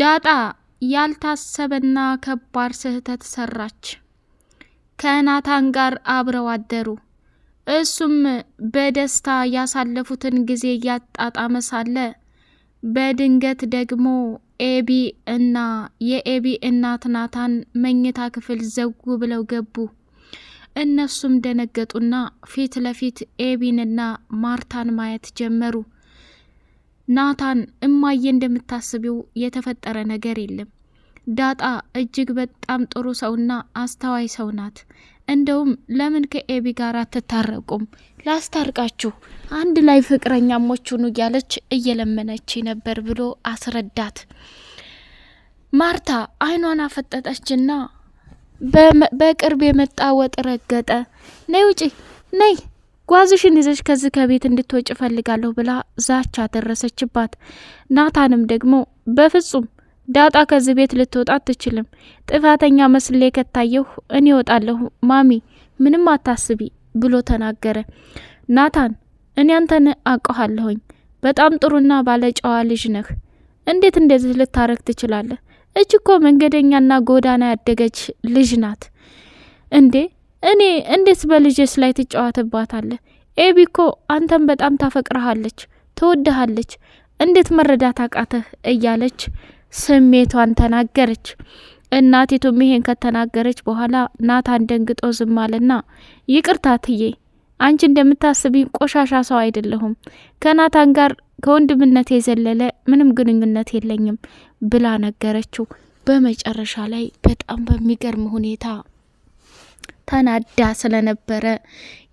ዳጣ ያልታሰበና ከባድ ስህተት ሰራች። ከናታን ጋር አብረው አደሩ። እሱም በደስታ ያሳለፉትን ጊዜ እያጣጣመ ሳለ በድንገት ደግሞ ኤቢ እና የኤቢ እናት ናታን መኝታ ክፍል ዘጉ ብለው ገቡ። እነሱም ደነገጡና ፊት ለፊት ኤቢንና ማርታን ማየት ጀመሩ። ናታን እማዬ እንደምታስቢው የተፈጠረ ነገር የለም። ዳጣ እጅግ በጣም ጥሩ ሰውና አስተዋይ ሰው ናት። እንደውም ለምን ከኤቢ ጋር አትታረቁም? ላስታርቃችሁ፣ አንድ ላይ ፍቅረኛሞች ሁኑ እያለች እየለመነች ነበር ብሎ አስረዳት። ማርታ አይኗን አፈጠጠችና በቅርብ የመጣ ወጥ ረገጠ። ነይ ውጪ ነይ ጓዝሽን ይዘሽ ከዚህ ከቤት እንድትወጭ እፈልጋለሁ ብላ ዛቻ ደረሰችባት። ናታንም ደግሞ በፍጹም ዳጣ ከዚህ ቤት ልትወጣ አትችልም፣ ጥፋተኛ መስሌ ከታየሁ እኔ እወጣለሁ፣ ማሚ ምንም አታስቢ ብሎ ተናገረ። ናታን እኔ አንተን አውቀሃለሁኝ፣ በጣም ጥሩና ባለጨዋ ልጅ ነህ። እንዴት እንደዚህ ልታረግ ትችላለህ? እጅ እኮ መንገደኛና ጎዳና ያደገች ልጅ ናት እንዴ እኔ እንዴት በልጅስ ላይ ትጫወትባታለህ? ኤቢ እኮ አንተን በጣም ታፈቅረሃለች፣ ትወድሃለች። እንዴት መረዳት አቃተህ? እያለች ስሜቷን ተናገረች። እናቲቱም ይሄን ከተናገረች በኋላ ናታን ደንግጦ ዝም አለና ይቅርታ ትዬ አንቺ እንደምታስቢኝ ቆሻሻ ሰው አይደለሁም። ከናታን ጋር ከወንድምነት የዘለለ ምንም ግንኙነት የለኝም ብላ ነገረችው። በመጨረሻ ላይ በጣም በሚገርም ሁኔታ ተናዳ ስለነበረ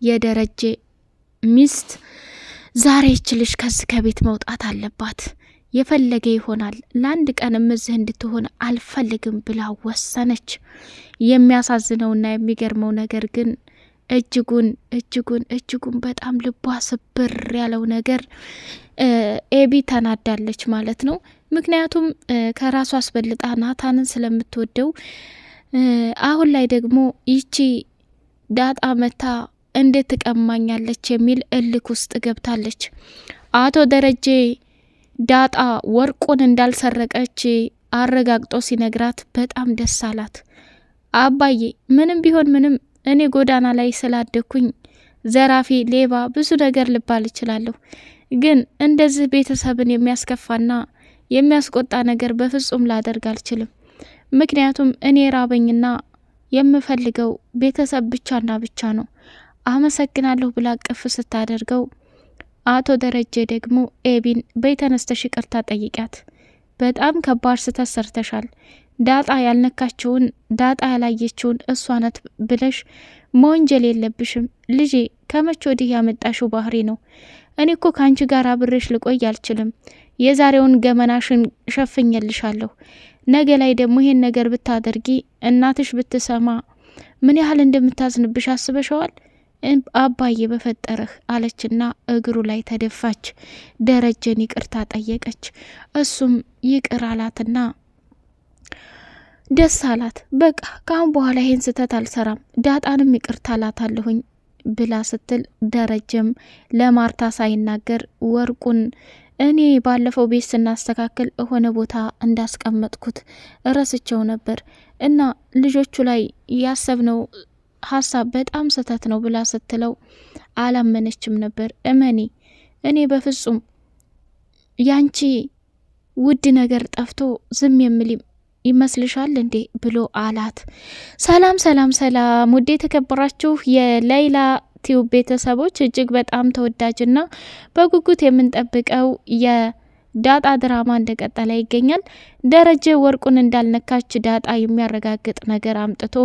የደረጀ ሚስት ዛሬ ይችልሽ ከዚህ ከቤት መውጣት አለባት የፈለገ ይሆናል ለአንድ ቀንም እዚህ እንድትሆን አልፈልግም ብላ ወሰነች። የሚያሳዝነውና የሚገርመው ነገር ግን እጅጉን እጅጉን እጅጉን በጣም ልቧ ስብር ያለው ነገር ኤቢ ተናዳለች ማለት ነው። ምክንያቱም ከራሷ አስበልጣ ናታንን ስለምትወደው አሁን ላይ ደግሞ ይቺ ዳጣ መታ እንዴት ትቀማኛለች የሚል እልክ ውስጥ ገብታለች። አቶ ደረጀ ዳጣ ወርቁን እንዳልሰረቀች አረጋግጦ ሲነግራት በጣም ደስ አላት። አባዬ ምንም ቢሆን ምንም እኔ ጎዳና ላይ ስላደግኩኝ ዘራፊ፣ ሌባ፣ ብዙ ነገር ልባል እችላለሁ። ግን እንደዚህ ቤተሰብን የሚያስከፋና የሚያስቆጣ ነገር በፍጹም ላደርግ አልችልም። ምክንያቱም እኔ ራበኝና የምፈልገው ቤተሰብ ብቻና ብቻ ነው። አመሰግናለሁ ብላ ቅፍ ስታደርገው አቶ ደረጀ ደግሞ ኤቢን በተነስተሽ ይቅርታ ጠይቂያት፣ በጣም ከባድ ስህተት ሰርተሻል። ዳጣ ያልነካችውን ዳጣ ያላየችውን እሷ ናት ብለሽ መወንጀል የለብሽም ልጄ። ከመቼ ወዲህ ያመጣሽው ባህሪ ነው? እኔ እኮ ከአንቺ ጋር አብሬሽ ልቆይ አልችልም። የዛሬውን ገመናሽን ሸፍኜልሻለሁ። ነገ ላይ ደግሞ ይሄን ነገር ብታደርጊ እናትሽ ብትሰማ ምን ያህል እንደምታዝንብሽ አስበሸዋል? አባዬ በፈጠረህ አለችና እግሩ ላይ ተደፋች። ደረጀን ይቅርታ ጠየቀች። እሱም ይቅር አላትና ደስ አላት። በቃ ካሁን በኋላ ይሄን ስህተት አልሰራም፣ ዳጣንም ይቅርታ አላታለሁኝ ብላ ስትል ደረጀም ለማርታ ሳይናገር ወርቁን እኔ ባለፈው ቤት ስናስተካክል የሆነ ቦታ እንዳስቀመጥኩት እረስቸው ነበር እና ልጆቹ ላይ ያሰብነው ሀሳብ በጣም ስህተት ነው ብላ ስትለው አላመነችም ነበር። እመኒ እኔ በፍጹም ያንቺ ውድ ነገር ጠፍቶ ዝም የሚል ይመስልሻል እንዴ ብሎ አላት። ሰላም ሰላም ሰላም! ውድ የተከበራችሁ የለይላ ቲዩብ ቤተሰቦች እጅግ በጣም ተወዳጅና በጉጉት የምንጠብቀው የዳጣ ድራማ እንደቀጠለ ይገኛል። ደረጀ ወርቁን እንዳልነካች ዳጣ የሚያረጋግጥ ነገር አምጥቶ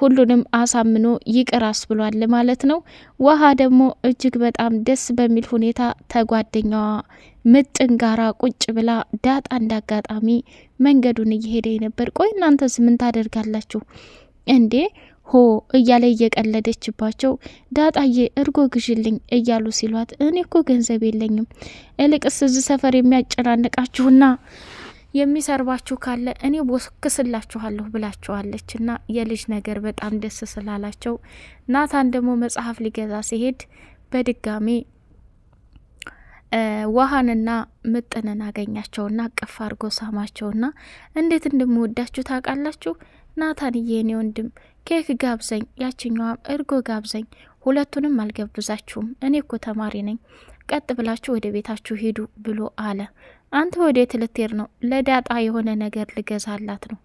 ሁሉንም አሳምኖ ይቅር አስብሏል ማለት ነው። ውሃ ደግሞ እጅግ በጣም ደስ በሚል ሁኔታ ተጓደኛዋ ምጥን ጋራ ቁጭ ብላ ዳጣ እንዳጋጣሚ መንገዱን እየሄደ ነበር። ቆይ እናንተስ ምን ታደርጋላችሁ እንዴ? ሆ እያለ እየቀለደችባቸው ዳጣዬ እርጎ ግዥልኝ እያሉ ሲሏት እኔ እኮ ገንዘብ የለኝም፣ እልቅስ እዚህ ሰፈር የሚያጨናንቃችሁና የሚሰርባችሁ ካለ እኔ ቦክስላችኋለሁ ብላችኋለች። እና የልጅ ነገር በጣም ደስ ስላላቸው ናታን ደግሞ መጽሐፍ ሊገዛ ሲሄድ በድጋሚ ውሃንና ምጥንን አገኛቸውና ቅፍ አድርጎ ሳማቸውና እንዴት እንደምወዳችሁ ታውቃላችሁ ናታንዬ፣ እኔ ወንድም ኬክ ጋብዘኝ፣ ያችኛዋም እርጎ ጋብዘኝ። ሁለቱንም አልገብዛችሁም፣ እኔ እኮ ተማሪ ነኝ። ቀጥ ብላችሁ ወደ ቤታችሁ ሂዱ ብሎ አለ። አንተ ወዴት ልትሄድ ነው? ለዳጣ የሆነ ነገር ልገዛላት ነው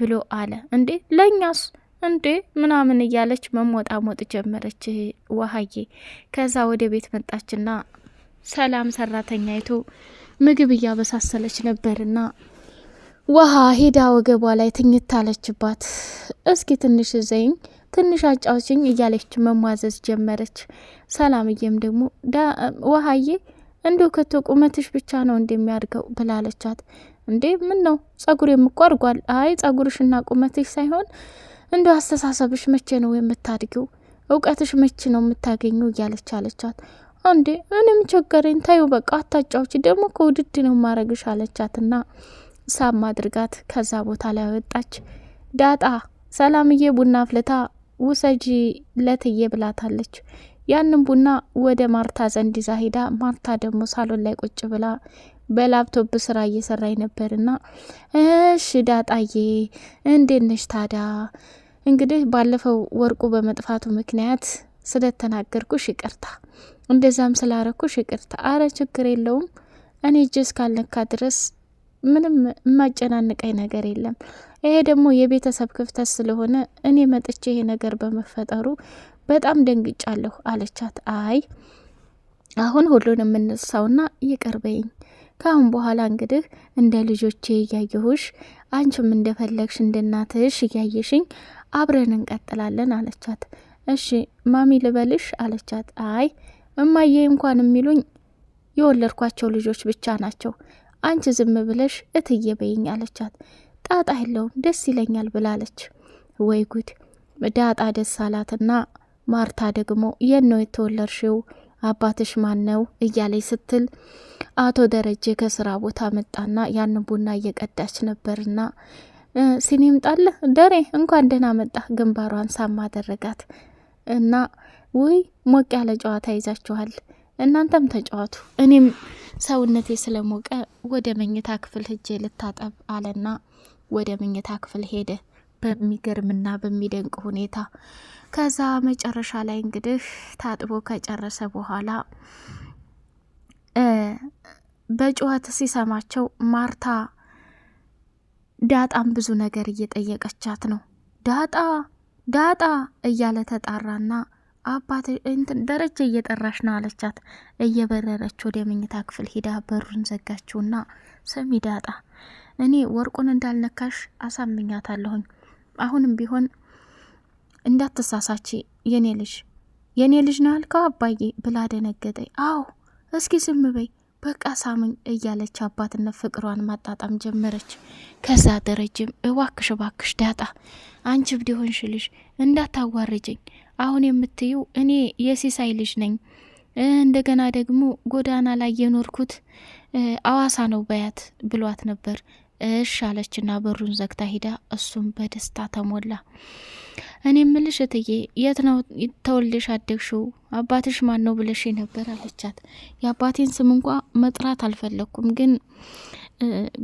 ብሎ አለ። እንዴ ለእኛስ? እንዴ ምናምን እያለች መሞጣሞጥ ጀመረች ውሀዬ። ከዛ ወደ ቤት መጣችና ሰላም ሰራተኛይቱ ምግብ እያበሳሰለች ነበርና ውሃ ሄዳ ወገቧ ላይ ትኝት አለችባት። እስኪ ትንሽ ዘይኝ ትንሽ አጫውችኝ እያለች መሟዘዝ ጀመረች። ሰላምዬም ደግሞ ውሃዬ እንዲሁ ከቶ ቁመትሽ ብቻ ነው እንደሚያድገው ብላለቻት። እንዴ ምን ነው ጸጉር የምቋርጓል? አይ ጸጉርሽና ቁመትሽ ሳይሆን እንዲ አስተሳሰብሽ መቼ ነው የምታድገው? እውቀትሽ መቼ ነው የምታገኘው? እያለች አለቻት። አንዴ እኔም ቸገረኝ ታዩ፣ በቃ አታጫውች ደግሞ ከውድድ ነው ማረግሽ አለቻትና ሳም አድርጋት ከዛ ቦታ ላይ ወጣች። ዳጣ ሰላምዬ ቡና አፍልታ ውሰጂ ለትዬ ብላታለች። ያንን ቡና ወደ ማርታ ዘንድ ይዛ ሄዳ ማርታ ደግሞ ሳሎን ላይ ቁጭ ብላ በላፕቶፕ ስራ እየሰራኝ ነበርና፣ እሺ ዳጣዬ እንዴት ነሽ? ታዳ እንግዲህ ባለፈው ወርቁ በመጥፋቱ ምክንያት ስለተናገርኩሽ ይቅርታ፣ እንደዛም ስላረኩሽ ይቅርታ። አረ ችግር የለውም እኔ እጅ እስካልነካ ድረስ ምንም የማጨናንቀኝ ነገር የለም። ይሄ ደግሞ የቤተሰብ ክፍተት ስለሆነ እኔ መጥቼ ይሄ ነገር በመፈጠሩ በጣም ደንግጫለሁ አለቻት። አይ አሁን ሁሉን የምንሳውና ይቅርበኝ ከአሁን በኋላ እንግዲህ እንደ ልጆቼ እያየሁሽ አንቺም እንደፈለግሽ እንደናትሽ እያየሽኝ አብረን እንቀጥላለን አለቻት። እሺ ማሚ ልበልሽ አለቻት። አይ እማዬ እንኳን የሚሉኝ የወለድኳቸው ልጆች ብቻ ናቸው። አንቺ ዝም ብለሽ እትዬ በይኝ አለቻት። ጣጣ የለውም ደስ ይለኛል ብላለች። ወይ ጉድ! ዳጣ ደስ አላትና ማርታ ደግሞ የት ነው የተወለድሽው? አባትሽ ማን ነው እያለች ስትል አቶ ደረጀ ከስራ ቦታ መጣና ያን ቡና እየቀዳች ነበርና ሲኒ ምጣልህ ደሬ እንኳን ደህና መጣ ግንባሯን ሳም አደረጋት እና ውይ ሞቅ ያለ ጨዋታ ይዛችኋል እናንተም ተጫዋቱ፣ እኔም ሰውነቴ ስለሞቀ ወደ መኝታ ክፍል ህጄ ልታጠብ አለና ወደ መኝታ ክፍል ሄደ በሚገርምና በሚደንቅ ሁኔታ። ከዛ መጨረሻ ላይ እንግዲህ ታጥቦ ከጨረሰ በኋላ በጩኸት ሲሰማቸው ማርታ ዳጣም ብዙ ነገር እየጠየቀቻት ነው። ዳጣ ዳጣ እያለ ተጣራና አባት ደረጀ እየጠራሽ ነው አለቻት። እየበረረች ወደ መኝታ ክፍል ሂዳ በሩን ዘጋችውና ስሚ ዳጣ፣ እኔ ወርቁን እንዳልነካሽ አሳምኛታለሁኝ። አሁንም ቢሆን እንዳትሳሳች የኔ ልጅ የኔ ልጅ ነው አልከው አባዬ ብላ ደነገጠኝ። አዎ እስኪ ስም በይ በቃ ሳምኝ እያለች አባትነት ፍቅሯን ማጣጣም ጀመረች። ከዛ ደረጀም እባክሽ እባክሽ ዳጣ አንቺ ብድ ሆንሽ ልሽ እንዳታዋርጅኝ አሁን የምትዩ እኔ የሲሳይ ልጅ ነኝ፣ እንደገና ደግሞ ጎዳና ላይ የኖርኩት አዋሳ ነው በያት ብሏት ነበር። እሽ አለችና በሩን ዘግታ ሂዳ፣ እሱም በደስታ ተሞላ። እኔ ምልሽ እትዬ የት ነው ተወልደሽ አደግሽው? አባትሽ ማን ነው ብለሽ ነበር አለቻት። የአባቴን ስም እንኳ መጥራት አልፈለግኩም፣ ግን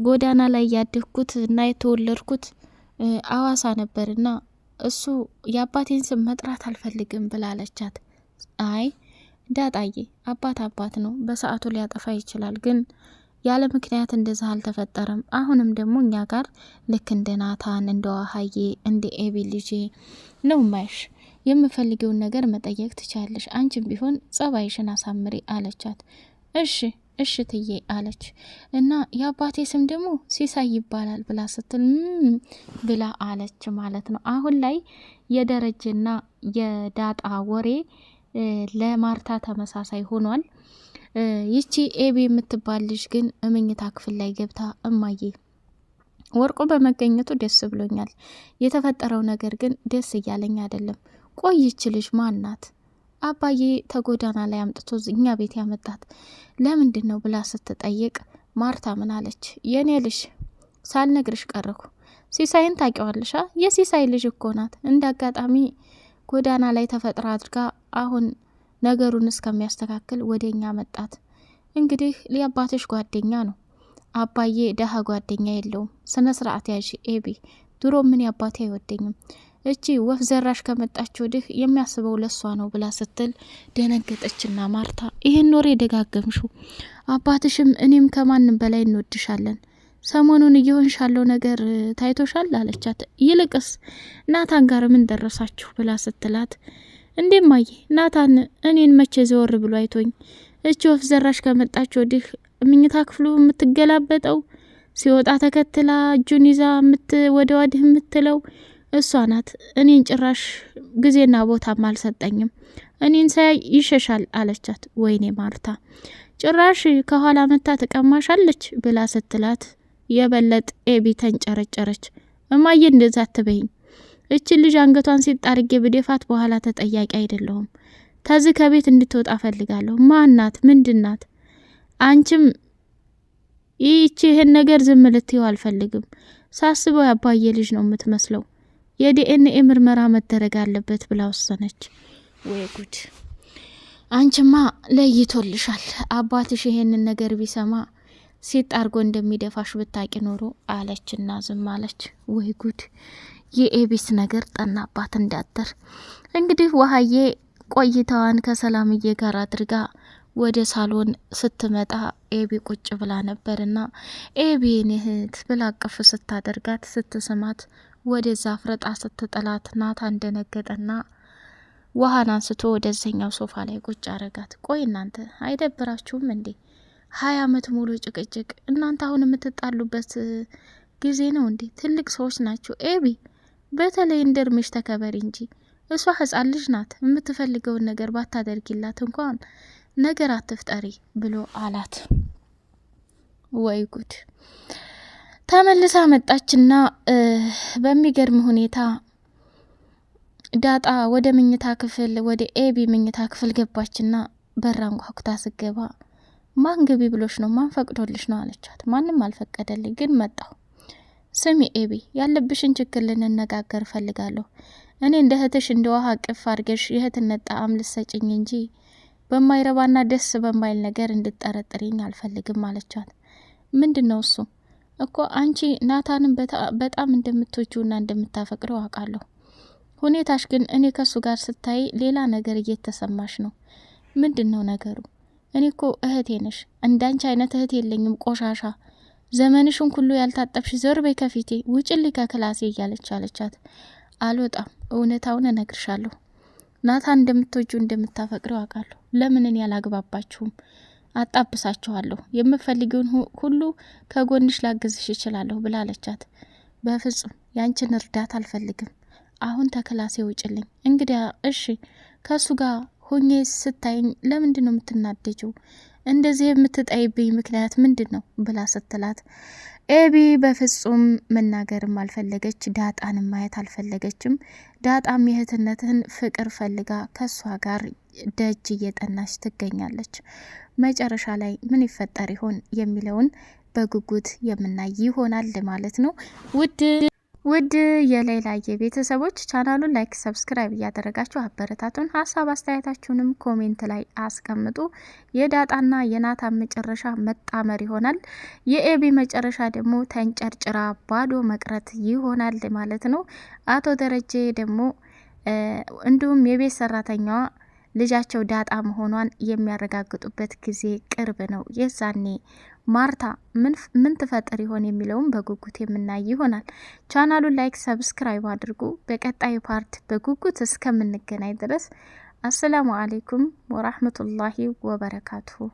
ጎዳና ላይ ያደግኩት እና የተወለድኩት አዋሳ ነበርና እሱ የአባቴን ስም መጥራት አልፈልግም ብላለቻት። አይ ዳጣዬ አባት አባት ነው፣ በሰዓቱ ሊያጠፋ ይችላል፣ ግን ያለ ምክንያት እንደዛ አልተፈጠረም። አሁንም ደግሞ እኛ ጋር ልክ እንደ ናታን እንደ ዋሀዬ እንደ ኤቢ ልጄ ነው ማሽ የምፈልገውን ነገር መጠየቅ ትቻለሽ። አንቺም ቢሆን ጸባይሽን አሳምሪ አለቻት። እሺ እሽትዬ አለች እና የአባቴ ስም ደግሞ ሲሳይ ይባላል ብላ ስትል ብላ አለች ማለት ነው። አሁን ላይ የደረጀና የዳጣ ወሬ ለማርታ ተመሳሳይ ሆኗል። ይቺ ኤቢ የምትባል ልጅ ግን እመኝታ ክፍል ላይ ገብታ እማዬ ወርቁ በመገኘቱ ደስ ብሎኛል። የተፈጠረው ነገር ግን ደስ እያለኝ አይደለም። ቆይች ልጅ ማን ናት? አባዬ ተጎዳና ላይ አምጥቶ እኛ ቤት ያመጣት ለምንድን ነው ብላ ስትጠይቅ ማርታ ምን አለች? የእኔ ልሽ ሳልነግርሽ ቀረኩ። ሲሳይን ታውቂዋለሻ? የሲሳይ ልጅ እኮ ናት። እንደ አጋጣሚ ጎዳና ላይ ተፈጥራ አድርጋ አሁን ነገሩን እስከሚያስተካክል ወደ እኛ መጣት። እንግዲህ ሊያባትሽ ጓደኛ ነው። አባዬ ደሃ ጓደኛ የለውም። ስነ ስርዓት ያዥ ኤቢ። ድሮ ምን ያባቴ አይወደኝም እቺ ወፍ ዘራሽ ከመጣች ወዲህ የሚያስበው ለሷ ነው ብላ ስትል ደነገጠችና ማርታ ይህን ወሬ ደጋገምሽው፣ አባትሽም እኔም ከማንም በላይ እንወድሻለን ሰሞኑን እየሆንሽ ያለው ነገር ታይቶሻል አለቻት። ይልቅስ ናታን ጋር ምን ደረሳችሁ ብላ ስትላት እንዴማዬ ናታን እኔን መቼ ዘወር ብሎ አይቶኝ እቺ ወፍ ዘራሽ ከመጣች ወዲህ ምኝታ ክፍሉ የምትገላበጠው ሲወጣ ተከትላ እጁን ይዛ ወደ ዋድህ የምትለው እሷ ናት። እኔን ጭራሽ ጊዜና ቦታም አልሰጠኝም፣ እኔን ሳያይ ይሸሻል አለቻት። ወይኔ ማርታ ጭራሽ ከኋላ መታ ትቀማሻለች ብላ ስትላት የበለጥ ኤቢ ተንጨረጨረች። እማዬ እንደዛ አትበይኝ፣ እችን ልጅ አንገቷን ሲጥ አርጌ ብደፋት በኋላ ተጠያቂ አይደለሁም። ተዚህ ከቤት እንድትወጣ ፈልጋለሁ። ማናት? ምንድናት? አንቺም ይህቺ ይህን ነገር ዝም ልትይው አልፈልግም። ሳስበው ያባየ ልጅ ነው የምትመስለው። የዲኤንኤ ምርመራ መደረግ አለበት ብላ ወሰነች። ወይ ጉድ! አንቺማ ለይቶልሻል። አባትሽ ይሄንን ነገር ቢሰማ ሴት አርጎ እንደሚደፋሽ ብታቂ ኖሮ አለችና ዝም አለች። ወይ ጉድ! የኤቢስ ነገር ጠናባት እንዳደር። እንግዲህ ውሀዬ ቆይታዋን ከሰላምዬ ጋር አድርጋ ወደ ሳሎን ስትመጣ ኤቢ ቁጭ ብላ ነበርና ኤቢ እህት ብላ አቅፍ ስታደርጋት ስትስማት ወደዛ ፍረጣ ስትጥላት ናታን ደነገጠና ውሃን አንስቶ ወደዘኛው ሶፋ ላይ ቁጭ አረጋት። ቆይ እናንተ አይደብራችሁም እንዴ? ሀያ አመት ሙሉ ጭቅጭቅ፣ እናንተ አሁን የምትጣሉበት ጊዜ ነው እንዴ? ትልቅ ሰዎች ናችሁ። ኤቢ በተለይ እንደ እድሜሽ ተከበሪ እንጂ እሷ ህጻን ልጅ ናት። የምትፈልገውን ነገር ባታደርጊላት እንኳን ነገር አትፍጠሪ ብሎ አላት። ወይ ጉድ! ተመልሳ መጣችና በሚገርም ሁኔታ ዳጣ ወደ ምኝታ ክፍል ወደ ኤቢ ምኝታ ክፍል ገባችና በራን ኳኩታ ስገባ ማን ግቢ ብሎች ነው ማን ፈቅዶልሽ ነው አለቻት። ማንም አልፈቀደልኝ ግን መጣሁ። ስሚ ኤቢ፣ ያለብሽን ችግር ልንነጋገር እፈልጋለሁ። እኔ እንደ እህትሽ እንደ ውሃ ቅፍ አድርገሽ የእህትነት ጣዕም ልሰጭኝ እንጂ በማይረባና ደስ በማይል ነገር እንድጠረጥሪኝ አልፈልግም አለቻት። ምንድን ነው እሱ? እኮ አንቺ ናታንን በጣም እንደምትወጂውና እንደምታፈቅረው አውቃለሁ። ሁኔታሽ ግን እኔ ከሱ ጋር ስታይ ሌላ ነገር እየተሰማሽ ነው። ምንድን ነው ነገሩ? እኔ እኮ እህቴ ነሽ። እንዳንቺ አይነት እህት የለኝም። ቆሻሻ ዘመንሽን ሁሉ ያልታጠብሽ፣ ዞር በይ ከፊቴ፣ ውጭልኝ ከክላሴ እያለች አለቻት። አልወጣም፣ እውነታውን እነግርሻለሁ። ናታን እንደምትወጁ እንደምታፈቅረው አውቃለሁ። ለምን እኔ አላግባባችሁም? አጣብሳችኋለሁ፣ የምፈልጊውን ሁሉ ከጎንሽ ላግዝሽ ይችላለሁ ብላለቻት። በፍጹም ያንቺን እርዳታ አልፈልግም፣ አሁን ተክላሴ ውጭልኝ። እንግዲያ እሺ ከእሱ ጋር ሁኜ ስታይኝ ለምንድን ነው የምትናደጂው? እንደዚህ የምትጠይብኝ ምክንያት ምንድን ነው ብላ ስትላት ኤቢ በፍጹም መናገርም አልፈለገች፣ ዳጣን ማየት አልፈለገችም። ዳጣም የእህትነትን ፍቅር ፈልጋ ከእሷ ጋር ደጅ እየጠናች ትገኛለች። መጨረሻ ላይ ምን ይፈጠር ይሆን የሚለውን በጉጉት የምናይ ይሆናል ማለት ነው ውድ ውድ የሌላየ ቤተሰቦች ቻናሉን ላይክ፣ ሰብስክራይብ እያደረጋችሁ አበረታቱን። ሀሳብ አስተያየታችሁንም ኮሜንት ላይ አስቀምጡ። የዳጣና የናታን መጨረሻ መጣመር ይሆናል። የኤቢ መጨረሻ ደግሞ ተንጨርጭራ ባዶ መቅረት ይሆናል ማለት ነው። አቶ ደረጀ ደግሞ እንዲሁም የቤት ሰራተኛዋ ልጃቸው ዳጣ መሆኗን የሚያረጋግጡበት ጊዜ ቅርብ ነው። የዛኔ ማርታ ምን ትፈጥር ይሆን የሚለውም በጉጉት የምናይ ይሆናል። ቻናሉን ላይክ፣ ሰብስክራይብ አድርጉ። በቀጣይ ፓርት በጉጉት እስከምንገናኝ ድረስ አሰላሙ አሌይኩም ወራህመቱላሂ ወበረካቱሁ።